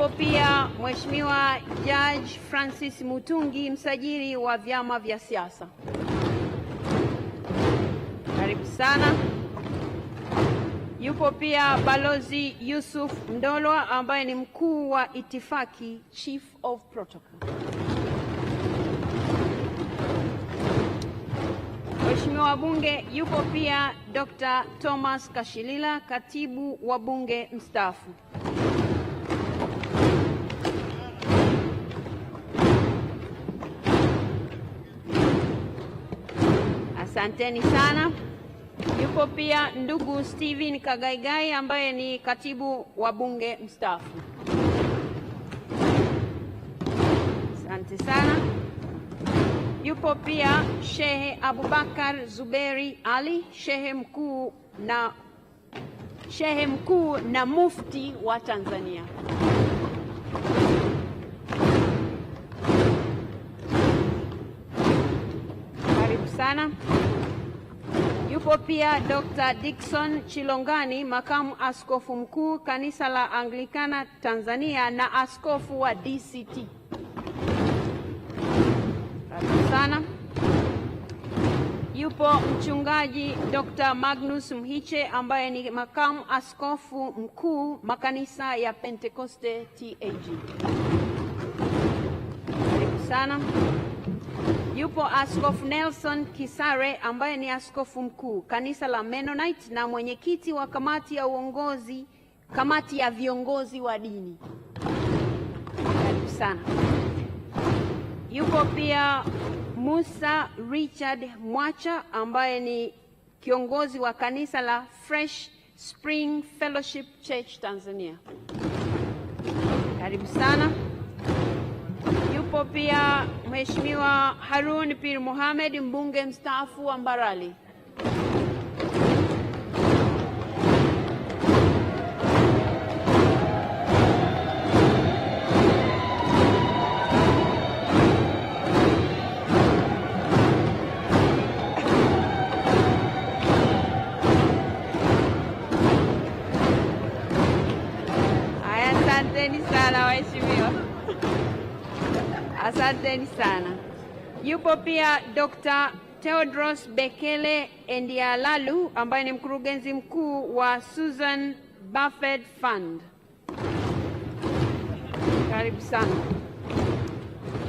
yupo pia Mheshimiwa Judge Francis Mutungi, msajili wa vyama vya siasa. Karibu sana. Yupo pia Balozi Yusuf Mdolwa ambaye ni mkuu wa itifaki, Chief of Protocol. Mheshimiwa Bunge, yupo pia Dr. Thomas Kashilila, katibu wa Bunge mstaafu. Asanteni sana. Yupo pia ndugu Steven Kagaigai ambaye ni katibu wa bunge mstaafu. Asante sana. Yupo pia Shehe Abubakar Zuberi Ali, shehe mkuu na shehe mkuu na mufti wa Tanzania. Karibu sana. Yupo pia Dr. Dickson Chilongani, makamu askofu mkuu kanisa la Anglikana Tanzania na askofu wa DCT. sana. Yupo mchungaji Dr. Magnus Mhiche ambaye ni makamu askofu mkuu makanisa ya Pentekoste TAG. sana yupo Askofu Nelson Kisare ambaye ni askofu mkuu kanisa la Mennonite na mwenyekiti wa kamati ya uongozi, kamati ya viongozi wa dini. Karibu sana. Yupo pia Musa Richard Mwacha ambaye ni kiongozi wa kanisa la Fresh Spring Fellowship Church Tanzania. Karibu sana yupo pia Mheshimiwa Harun Pir Mohamed mbunge mstaafu wa Mbarali. Asanteni sana waheshimiwa. Asanteni sana. Yupo pia Dr. Theodros Bekele Endialalu ambaye ni mkurugenzi mkuu wa Susan Buffett Fund. Karibu sana.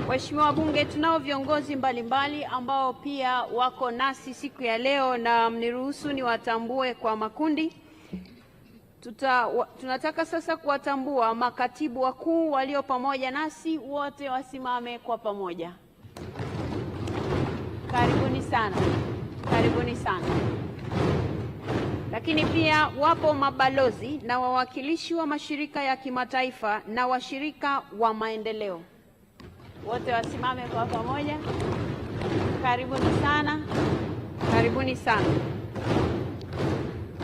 Waheshimiwa wabunge, tunao viongozi mbalimbali mbali ambao pia wako nasi siku ya leo na mniruhusu niwatambue kwa makundi. Tuta, wa, tunataka sasa kuwatambua makatibu wakuu walio pamoja nasi wote wasimame kwa pamoja. Karibuni sana, karibuni sana. Lakini pia wapo mabalozi na wawakilishi wa mashirika ya kimataifa na washirika wa maendeleo, wote wasimame kwa pamoja. Karibuni sana, karibuni sana.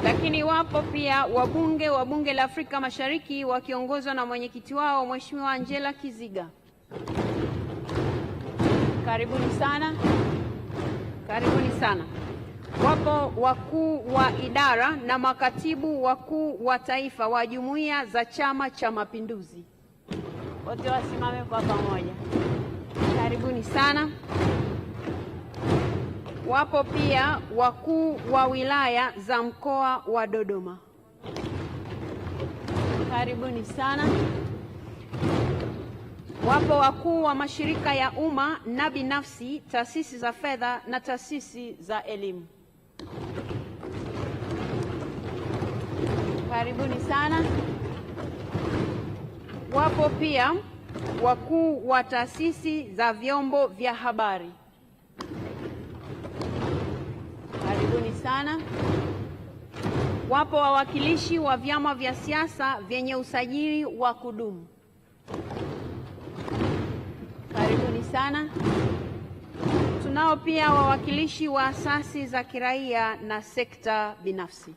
Lakini wapo pia wabunge wa Bunge la Afrika Mashariki wakiongozwa na mwenyekiti wao Mheshimiwa Angela Kiziga. Karibuni sana, karibuni sana. Wapo wakuu wa idara na makatibu wakuu wa taifa wa jumuiya za Chama cha Mapinduzi, wote wasimame kwa pamoja. Karibuni sana. Wapo pia wakuu wa wilaya za mkoa wa Dodoma. Karibuni sana. Wapo wakuu wa mashirika ya umma na binafsi, taasisi za fedha na taasisi za elimu. Karibuni sana. Wapo pia wakuu wa taasisi za vyombo vya habari. sana. Wapo wawakilishi wa vyama vya siasa vyenye usajili wa kudumu, karibuni sana. Tunao pia wawakilishi wa asasi za kiraia na sekta binafsi,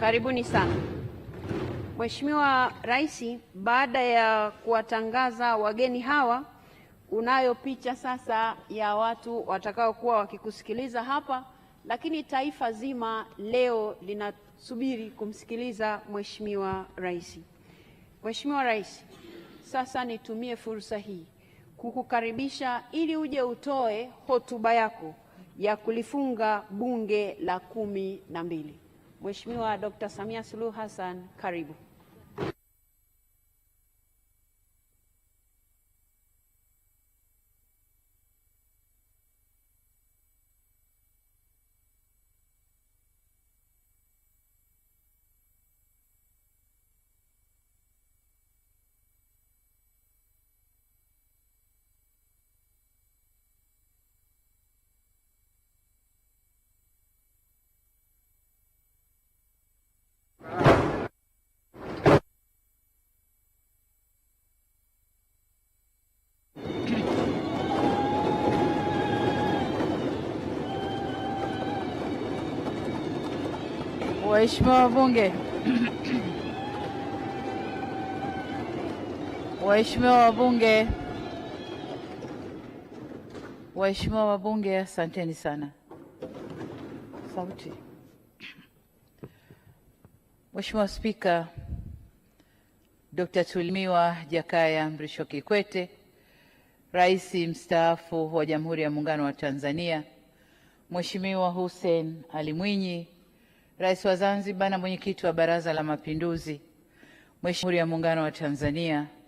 karibuni sana. Mheshimiwa Rais, baada ya kuwatangaza wageni hawa unayo picha sasa ya watu watakaokuwa wakikusikiliza hapa, lakini taifa zima leo linasubiri kumsikiliza Mheshimiwa Rais. Mheshimiwa Rais, sasa nitumie fursa hii kukukaribisha ili uje utoe hotuba yako ya kulifunga bunge la kumi na mbili. Mheshimiwa Dr. Samia Suluhu Hassan, karibu. Waheshimiwa wabunge, waheshimiwa wabunge, waheshimiwa wabunge, asanteni sana. Sauti. Mheshimiwa Spika, Dr. tulimiwa Jakaya Mrisho Kikwete, Rais mstaafu wa Jamhuri ya Muungano wa Tanzania, Mheshimiwa Hussein Ali Mwinyi Rais wa Zanzibar na mwenyekiti wa Baraza la Mapinduzi, Mheshimiwa ya Muungano wa Tanzania